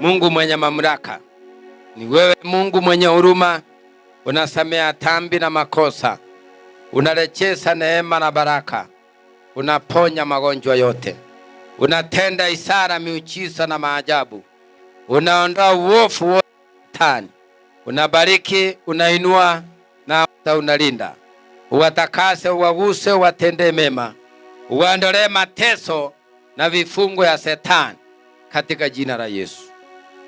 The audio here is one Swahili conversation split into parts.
Mungu mwenye mamlaka, ni wewe Mungu mwenye huruma, unasamea tambi na makosa, unarechesa neema na baraka, unaponya magonjwa yote, unatenda isara, miujiza na maajabu, unaondoa uofu wote tani, unabariki, unainua na unalinda, uwatakase, uwaguse, uwatendee mema, uwaondolee mateso na vifungo ya Setani katika jina la Yesu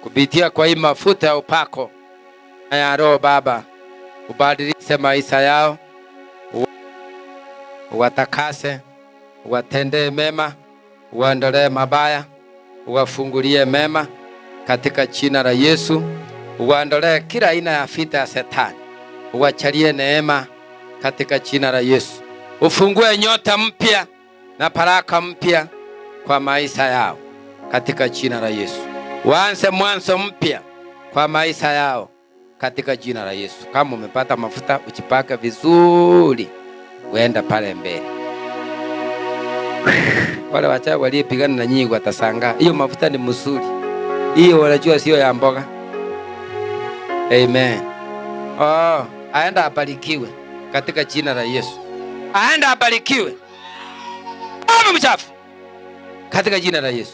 kupitia kwa hii mafuta ya upako na ya Roho Baba, ubadilishe maisha yao, watakase, uwatendee mema, uwaondolee mabaya, wafungulie mema katika jina la Yesu. Waondolee kila aina ya fita ya Shetani, wachalie neema katika jina la Yesu. Ufungue nyota mpya na baraka mpya kwa maisha yao katika jina la Yesu waanze mwanzo mpya kwa maisha yao katika jina la Yesu. Kama umepata mafuta, uchipake vizuri, uenda pale mbele. Wale wachawi waliyepigana na nyinyi watasanga, hiyo mafuta ni mzuri, hiyo wanajua sio ya mboga. Amen. Oh, aenda abarikiwe katika jina la Yesu, aenda abarikiwe. Mchafu katika jina la Yesu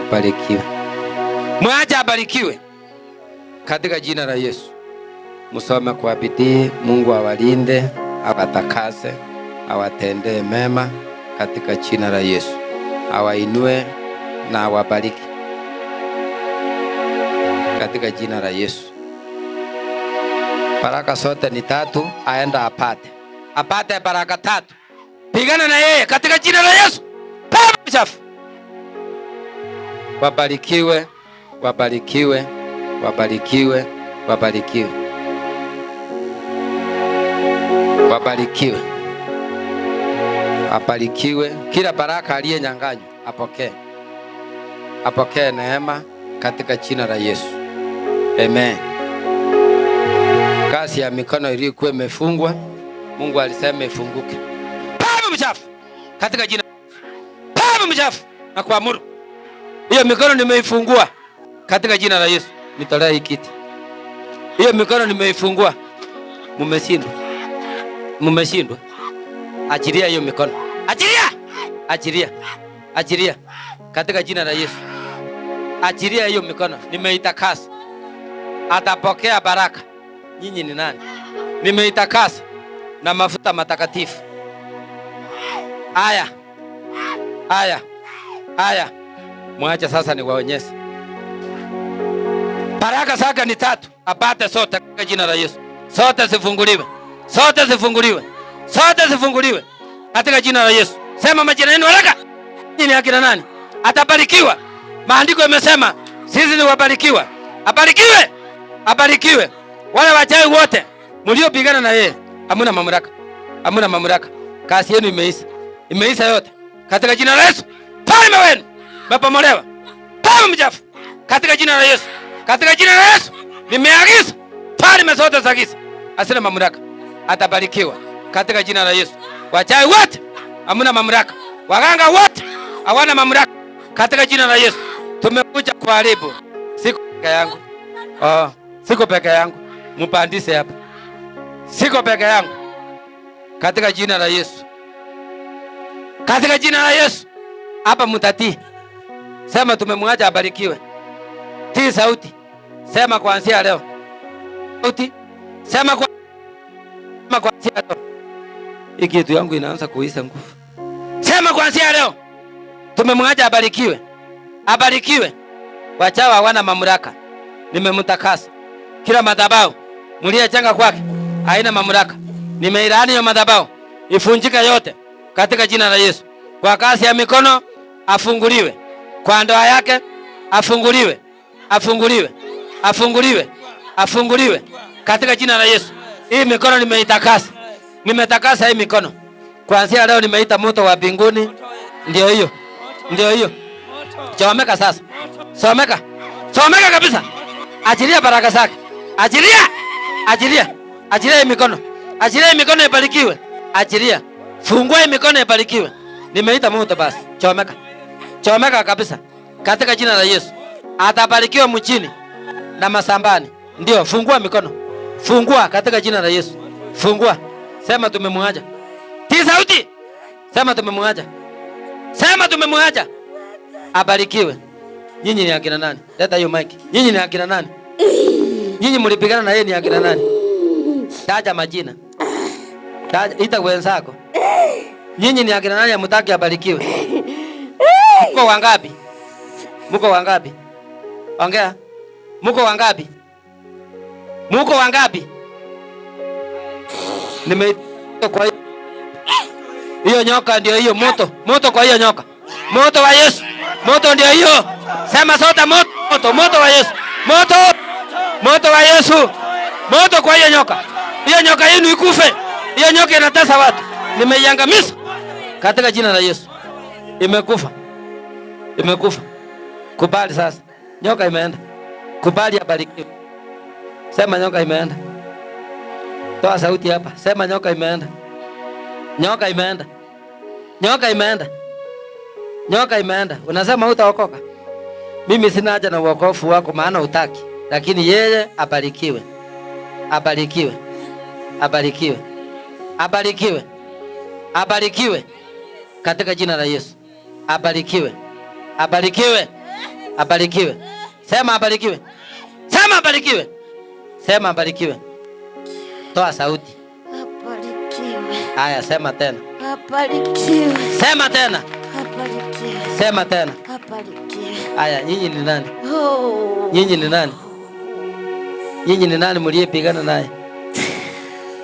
ubarikiwe. Mwaja abarikiwe katika jina la Yesu. Musome kwa bidii. Mungu awalinde, awatakase, awatendee mema katika jina la Yesu. Awainue na awabariki katika jina la Yesu. Baraka sote ni tatu, aenda apate, apate baraka tatu. Pigana na yeye katika jina la Yesu. Pamoja. Wabarikiwe, wabarikiwe, wabarikiwe, wabarikiwe, wabarikiwe, abarikiwe. Kila baraka aliyenyang'anywa apokee, apokee neema katika jina la Yesu, amen. Kazi ya mikono iliyokuwa imefungwa, Mungu alisema ifunguke. Pepo mchafu katika jina, pepo mchafu na kuamuru hiyo mikono nimeifungua katika jina la Yesu. Nitolea hii kiti. Hiyo mikono nimeifungua. Mumeshindwa. Mumeshindwa. Achilia hiyo mikono. Achilia. Achilia. Achilia. Katika jina la Yesu. Achilia hiyo mikono. Nimeitakasa. Atapokea baraka. Nyinyi ni nani? Nimeitakasa na mafuta matakatifu. Aya. Aya. Aya mwacha sasa, ni waonyeshe baraka zake ni tatu, apate sote kwa jina la Yesu. Sote zifunguliwe, sote zifunguliwe, sote zifunguliwe katika jina la Yesu. Sema majina yenu haraka. Nini akina nani atabarikiwa? Maandiko yamesema sisi ni wabarikiwa. Abarikiwe, abarikiwe. Wale wachawi wote mliopigana na yeye, hamuna mamlaka, hamuna mamlaka. kasi yenu imeisha, imeisha yote katika jina la Yesu. Time wenu Baba Molewa, Pepo mchafu. Katika jina la Yesu. Katika jina la Yesu. Nimeagiza falme zote za giza. Asina mamlaka. Atabarikiwa. Katika jina la Yesu. Wachawi wote hamuna mamlaka. Waganga wote hawana mamlaka. Katika jina la Yesu. Tumekuja kuharibu. Siko peke yangu. Oh, siko peke yangu. Mpandise hapa. Siko peke yangu. Katika jina la Yesu. Katika jina la Yesu. Hapa mutatii. Sema tumemwacha abarikiwe. ti sauti. Sema kuanzia leo. Sauti. Sema kwa Sema kuanzia leo. Hii kitu yangu inaanza kuisa nguvu. Sema kuanzia leo. Tumemwacha abarikiwe. Abarikiwe. Wachawa hawana mamlaka. Nimemtakasa. Kila madhabahu mliyechanga kwake haina mamlaka. Nimeilaani hiyo madhabahu ifunjike yote katika jina la Yesu. Kwa kazi ya mikono afunguliwe kwa ndoa yake, afunguliwe, afunguliwe, afunguliwe, afunguliwe katika jina la Yesu. Hii mikono nimeitakasa, nimetakasa hii mikono kuanzia leo, nimeita moto wa mbinguni. Ndio hiyo, ndio hiyo. Chomeka sasa, someka, someka kabisa. Achilia baraka zake, achilia, achilia, achilia hii mikono, achilia hii mikono ibarikiwe, achilia, fungua hii mikono ibarikiwe. Nimeita moto basi, chomeka. Chomeka kabisa katika jina la Yesu. Atabarikiwa mjini na masambani. Ndio, fungua mikono, fungua katika jina la Yesu. Fungua, sema tumemwacha. ti sauti, sema tumemwacha, sema tumemwacha. Abarikiwe. Nyinyi ni akina nani? Leta hiyo mic. Nyinyi ni akina nani? Nyinyi mlipigana na yeye ni akina nani? Taja majina. Taja, ita wenzako. Nyinyi ni akina nani amtaki abarikiwe? Mko wangapi? Mko wangapi? Ongea. Mko wangapi? Mko wangapi? Nime kwa hiyo nyoka ndio hiyo moto. Moto kwa hiyo nyoka. Moto wa Yesu. Moto ndio hiyo. Sema sote moto. Moto, moto wa Yesu. Moto. Moto wa Yesu. Moto kwa hiyo nyoka. Hiyo nyoka yenu ikufe. Hiyo nyoka inatesa watu. Nimeiangamiza katika jina la Yesu. Imekufa imekufa. Kubali sasa, nyoka imeenda. Kubali abarikiwe. Sema nyoka imeenda. Toa sauti hapa, sema nyoka imeenda. Nyoka imeenda. Nyoka imeenda. Nyoka imeenda. Unasema utaokoka? Mimi sina haja na uokofu wako, maana utaki, lakini yeye abarikiwe, abarikiwe, abarikiwe, abarikiwe, abarikiwe katika jina la Yesu, abarikiwe. Abarikiwe. Abarikiwe. Sema abarikiwe. Sema abarikiwe. Sema abarikiwe. Toa sauti. Abarikiwe. Haya, sema tena. Abarikiwe. Sema tena. Abarikiwe. Sema tena. Abarikiwe. Haya, nyinyi ni nani? Oh. Nyinyi ni nani? Nyinyi ni nani mliyepigana naye?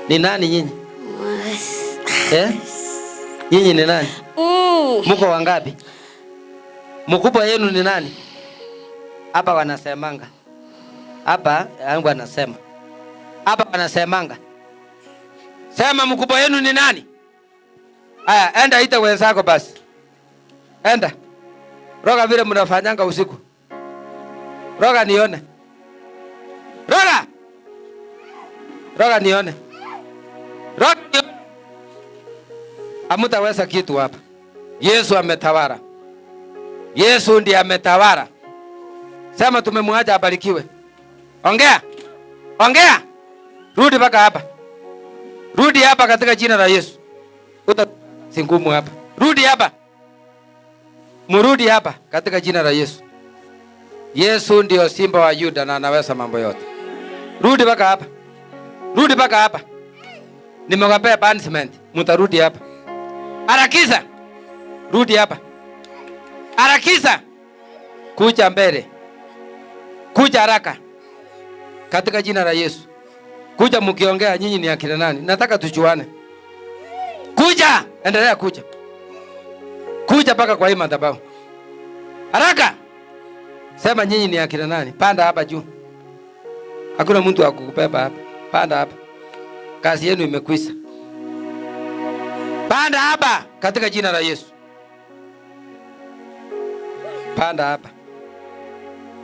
Ni nani nyinyi? Eh? Nyinyi ni nani? Mko wangapi? mkubwa yenu ni nani? Hapa wanasemanga hapa, yangu anasema hapa, wanasemanga sema, mkubwa yenu ni nani? Aya, enda ita wenzako basi, enda roga vile mnafanyanga usiku, roga nione, roga roga nione, roga. nione. Hamutaweza kitu hapa, Yesu ametawala. Yesu ndiye ametawala. Sema tumemwacha abarikiwe. Ongea. Ongea. Rudi mpaka hapa. Rudi hapa katika jina la Yesu. Uta singumu hapa. Rudi hapa. Murudi hapa katika jina la Yesu. Yesu ndio simba wa Yuda na anaweza mambo yote. Rudi mpaka hapa. Rudi mpaka hapa. Nimewapea punishment. Mtarudi hapa. Harakiza. Rudi hapa harakisa, kuja mbele, kuja haraka katika jina la Yesu. Kuja mkiongea nyinyi ni akina nani? Nataka tujuane. Kuja, endelea kuja, kuja mpaka kwa hii madhabahu haraka. Sema nyinyi ni akina nani? Panda hapa juu, hakuna mtu akukubeba hapa. Panda hapa, kazi yenu imekwisha. Panda hapa katika jina la Yesu. Panda hapa.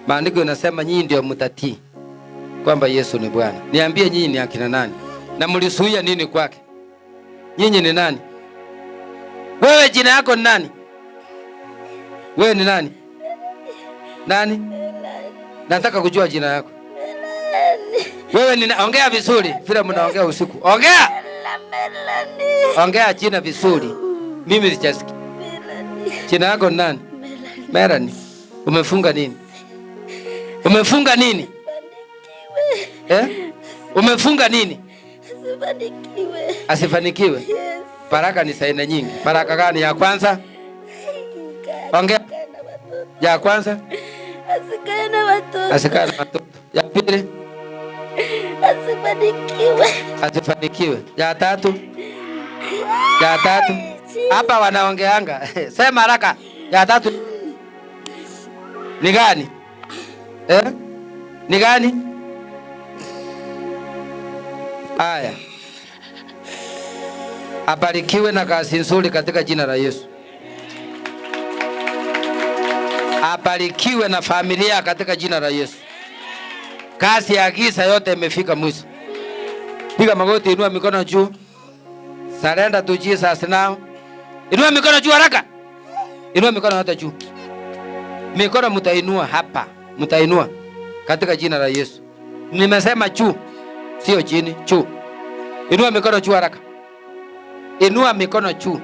Maandiko yanasema nyinyi ndio mtatii kwamba Yesu ni Bwana. Niambie nyinyi ni akina nani? Na mlisuia nini kwake? Nyinyi ni nani? Wewe jina yako ni nani? Wewe ni nani? Nani? Nataka kujua jina yako. Wewe ni ongea vizuri vile mnaongea usiku. Ongea. Ongea jina vizuri. Mimi sijasikia. Jina yako ni nani? Merani, umefunga nini? Umefunga nini? Eh? Umefunga nini? Asifanikiwe. Asifanikiwe. Yes. Baraka ni saina nyingi. Baraka gani ya kwanza? Ongea. Ya kwanza? Asikae na watoto. Asikae na watoto. Ya pili? Asifanikiwe. Asifanikiwe. Ya tatu? Ya tatu. Hapa wanaongeanga. Sema haraka. Ya tatu ni gani eh? ni gani? Aya, abarikiwe na kazi nzuri katika jina la Yesu. Abarikiwe na familia katika jina la Yesu. Kazi ya giza yote imefika mwisho. Piga magoti, inua mikono juu. sarenda tu Jesus now. Inua mikono juu haraka. Inua mikono hata juu. Mikono mtainua hapa, mtainua katika jina la Yesu. Nimesema juu, sio chini, juu. Inua mikono juu haraka, inua mikono juu.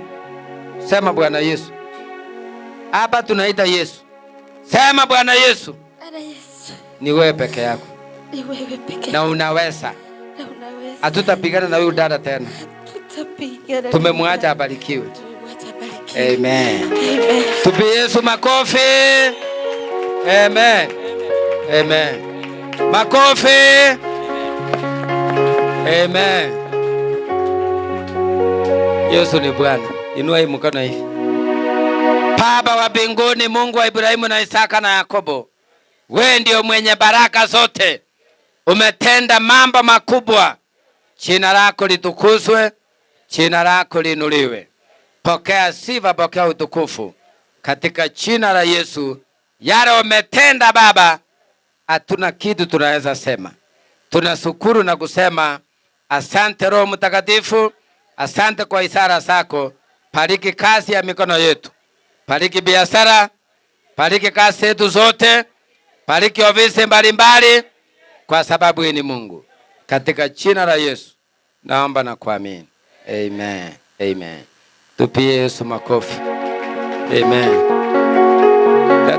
Sema Bwana Yesu, hapa tunaita Yesu. Sema Bwana Yesu, ni wewe peke yako na unaweza. Hatutapigana na huyu dada tena, tumemwacha abarikiwe. Amen. Amen. Tupi Yesu makofi. Amen. Amen. Makofi. Amen. Yesu ni Bwana. Inua hii mkono hivi. Baba wa mbinguni, Mungu wa Ibrahimu na Isaka na Yakobo, wewe ndio mwenye baraka zote, umetenda mambo makubwa. Jina lako litukuzwe, jina lako linuliwe. Pokea sifa, pokea utukufu katika jina la Yesu. Yale umetenda Baba, hatuna kitu tunaweza sema. Tunashukuru na kusema asante Roho Mtakatifu, asante kwa ishara zako. Pariki kazi ya mikono yetu, pariki biashara, pariki kazi yetu zote, pariki ofisi mbalimbali, kwa sababu ni Mungu. Katika jina la Yesu naomba na kuamini, amen, amen. Tupie Yesu makofi. Amen.